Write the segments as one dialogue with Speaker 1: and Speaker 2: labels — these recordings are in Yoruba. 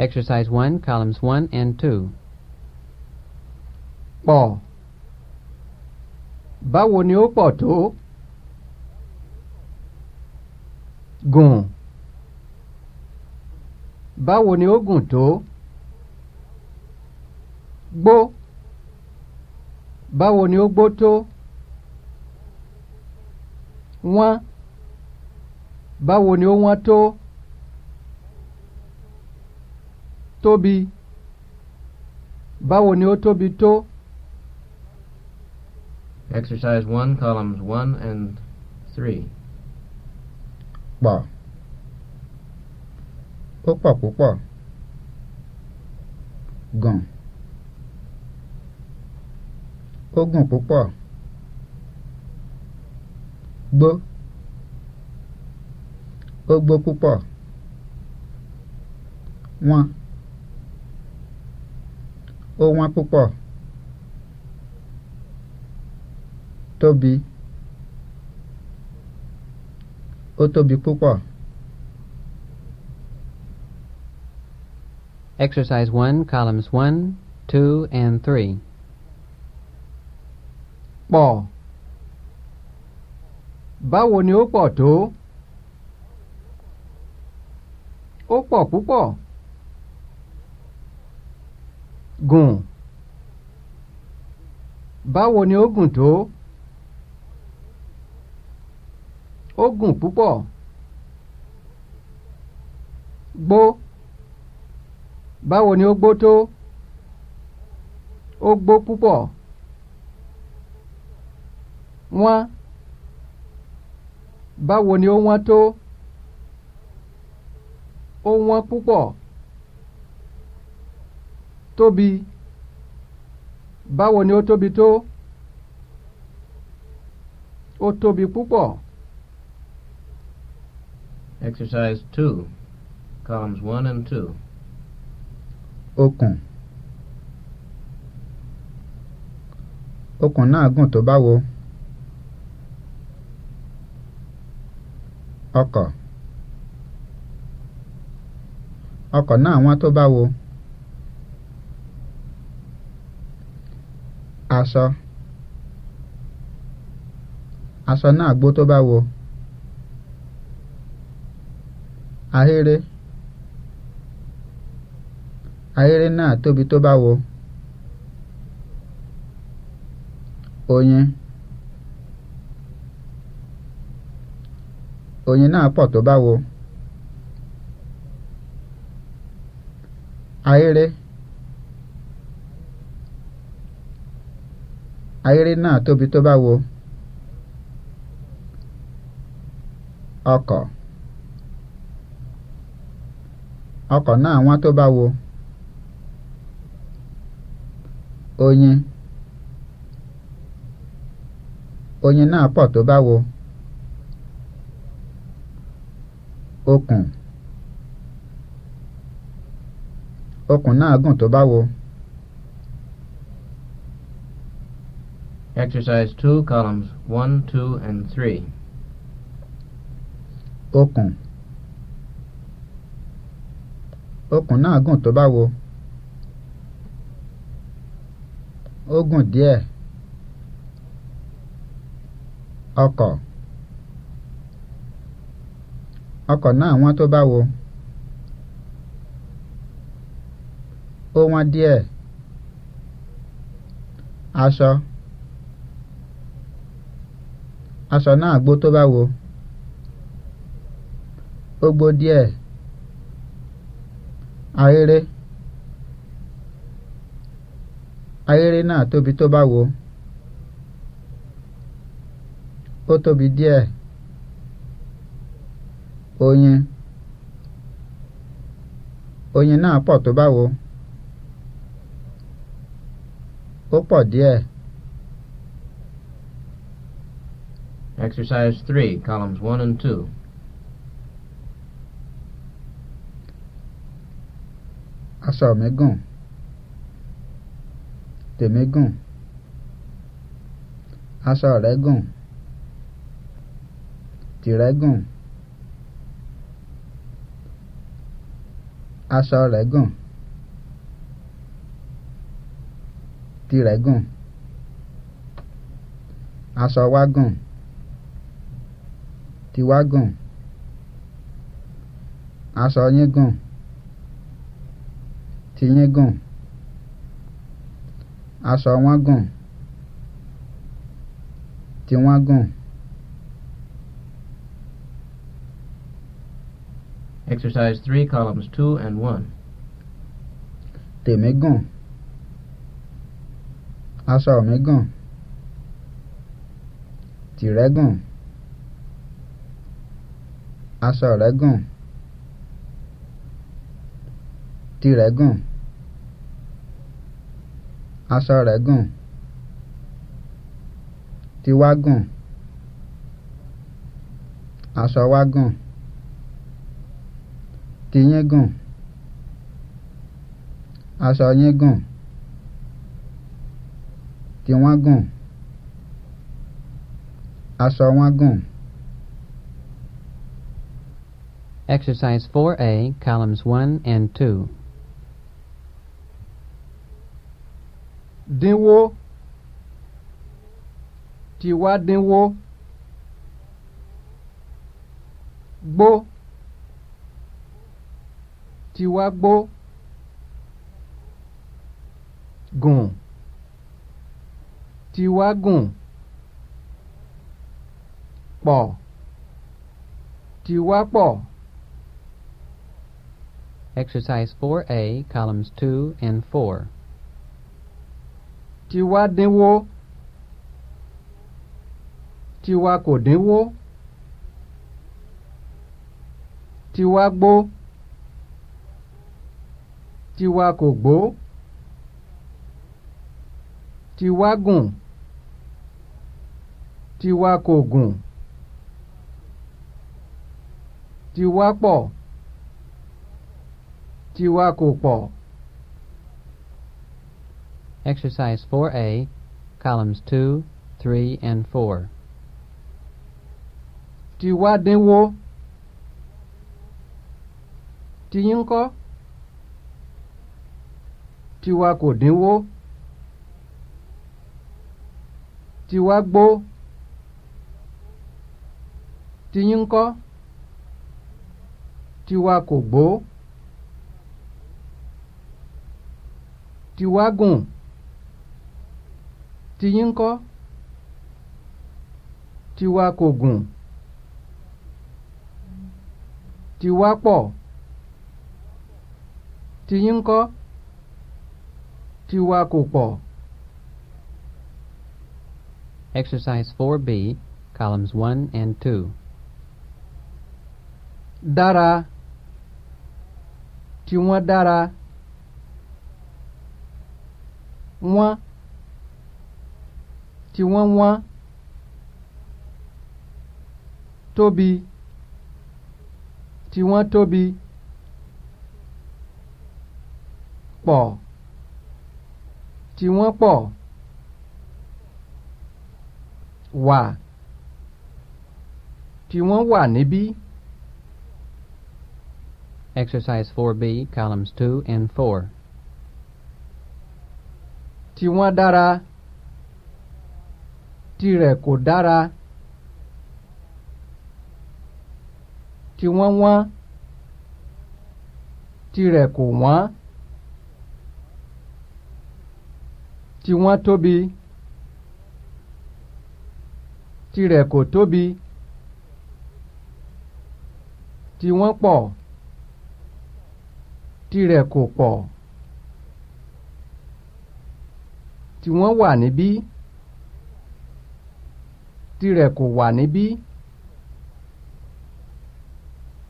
Speaker 1: Exercise 1, columns 1 and 2.
Speaker 2: Pọ̀. Báwo ni ó pọ̀ tó? Gùn. Báwo ni ó gùn tó? Gbó. Báwo ni ó gbó tó? Wọ́n. Báwo ni ó wọ́n tó? tóbi báwo ni ó tóbi tó.
Speaker 1: exercise one columns one and three.
Speaker 3: pọ̀ ó pọ̀ púpọ̀ gùn ó gùn púpọ̀ gbó ó gbó púpọ̀ wọn ó wọ́n púpọ̀ tóbi ó tóbi púpọ̀.
Speaker 1: Exercise 1, columns 1, 2, and 3. Pọ̀. Báwo ni
Speaker 2: ó pọ̀ tó? Ó pọ̀ púpọ̀. gùn báwo ni ó gùn tó ó gùn púpọ̀ gbó báwo ni ó gbó tó ó gbó púpọ̀ wọ́n báwo ni ó wọ́n tó ó wọ́n púpọ̀ tóbi báwo ni ó tóbi tó ó tóbi púpọ̀.
Speaker 1: exercise two columns one and two.
Speaker 3: okùn okùn náà gùn tó báwo. ọkọ̀ ọkọ̀ náà wọ́n tó báwo. aṣọ aṣọ náà gbó tó bá wo ahéré ahéré náà tóbi tó bá wo oyin oyin náà pọ̀ tó bá wo ahéré. Ayiri naa tóbi tó bá wo ọkọ̀ ọkọ̀ naa wọ́n tó bá wo oyin oyin náà pọ̀ tó bá wo okùn okùn náà gùn tó bá wo.
Speaker 1: Exercise 2, columns 1, 2, and 3.
Speaker 3: Okùn. Okùn náà gùn tó wo. Ó gùn díẹ̀. Ọkọ̀. Ọkọ̀ náà wọ́n tó báwo? Ó wọ́n díẹ̀. Aṣọ. aṣọ náà gbó tó bá wo ó gbó díẹ̀ ahéré ahéré náà tóbi tó bá wo ó tóbi díẹ̀ oyin oyin náà pọ̀ tó bá wo ó pọ̀ díẹ̀.
Speaker 1: Exercise 3, columns 1 and 2.
Speaker 3: Aṣọ me gùn. me gùn. Aṣọ rẹ̀ gùn. Tìrẹ gùn. Aṣọ rẹ̀ gùn. Tìrẹ gùn. Aṣọ wa gùn ti wá gàn aṣọ yín gàn ti yín gàn aṣọ wọn gàn tí wọ́n gàn.
Speaker 1: Exercise three columns two and one.
Speaker 3: Tèmi gàn. Aṣọ mi gàn. Tìrẹ gàn. aṣọ rẹ̀ gùn tirẹ̀ gùn aṣọ rẹ̀ gùn tiwa gùn aṣọ wa gùn tiyín gùn aṣọ yín gùn tiwọn gùn aṣọ wọn gùn.
Speaker 1: Exercise 4A, columns 1 and 2. Dínwó
Speaker 2: tiwa dínwó bo, tiwa bo, gùn tiwa gùn pọ̀
Speaker 1: tiwa pọ̀. Exercise 4A, columns 2 and 4. Tiwa dínwó. Tiwa kò dínwó.
Speaker 2: Tiwa gbó. Tiwa kò gbó. Tiwa gùn. Tiwa kò gùn. Tiwa pọ̀ tiwa kò pọ̀.
Speaker 1: Exercise 4A, columns 2, 3, and 4. Tiwa dínwó. Tiyín kọ́.
Speaker 2: Tiwa kò dínwó. Tiwa gbó. Tiyín kọ́. Tiwa kò gbó. tiwa gùn tiyín ńkọ́ tiwa kò gùn tiwa pọ̀ tiyín ńkọ́ tiwa kò pọ̀.
Speaker 1: Exercise 4B, columns 1 and 2. Dára. Tiwọn
Speaker 2: dára. wọ́n tí wọ́n wọ́n tóbi tí wọ́n tóbi pọ̀ tí wọ́n pọ̀
Speaker 1: wà tí wọ́n wà níbí. Exercise 4B, columns 2 and 4 tiwọn dára
Speaker 2: tirẹ̀ kò dára tiwọn wọ́n tirẹ̀ kò wọ́n tiwọn tóbi tirẹ̀ kò tóbi tiwọn pọ̀ tirẹ̀ kò pọ̀. tí wọ́n wà níbí
Speaker 1: tirẹ̀ kò wà níbí.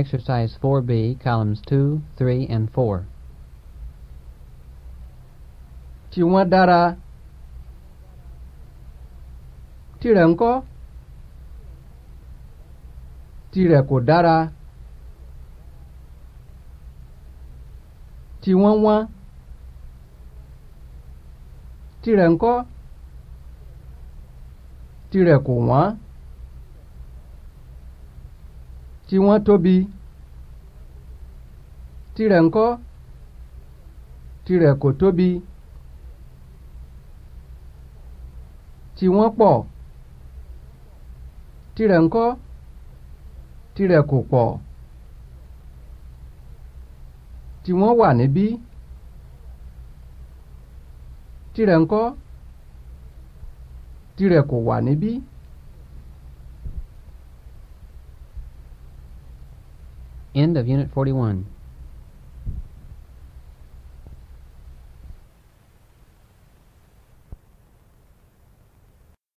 Speaker 1: Exercise four b columns two, three, and four.
Speaker 2: Tí wọ́n dára. Tirẹ̀ ńkọ́? Tirẹ̀ kò dára. Tí wọ́n wọ́n tirẹ̀ ńkọ́ tirẹ̀ kò wọ́n tí wọ́n tóbi tirẹ̀ ńkọ́ tirẹ̀ kò tóbi tí wọ́n pọ̀ tirẹ̀ ńkọ́ tirẹ̀ kò pọ̀ tí wọ́n wà níbí. tirẹ̀ ńkọ́
Speaker 1: tirẹ̀ kò wà níbí. End of Unit 41.